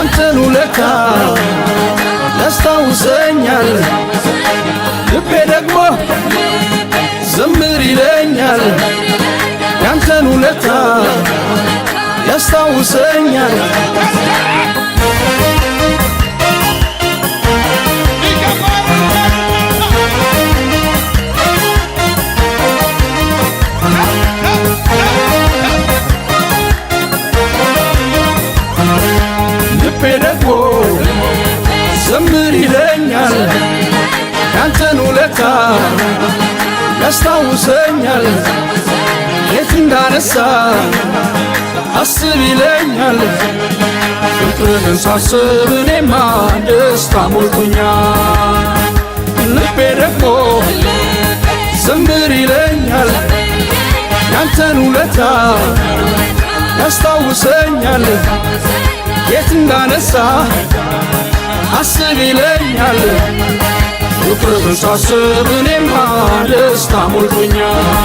ያንተኑ ውለታ ያስታውሰኛል ልቤ ደግሞ ዘምር ይለኛል ያንተን ውለታ ያስታውሰኛል ልቤ ደግሞ ዘምር ይለኛል ያንተን ውለታ ያስታውሰኛል የት እንዳነሳ አስብ ይለኛል ፍቅርህን ሳስብ እኔማ ደስታ ሞልቶኛል ልቤ ደግሞ ዘምር ይለኛል ያንተን ውለታ ያስታውሰኛል የት እንዳነሳ አስብ ይለኛል ፍቅርህን ሳስብ እኔማ ደስታ ሞልቶኛል።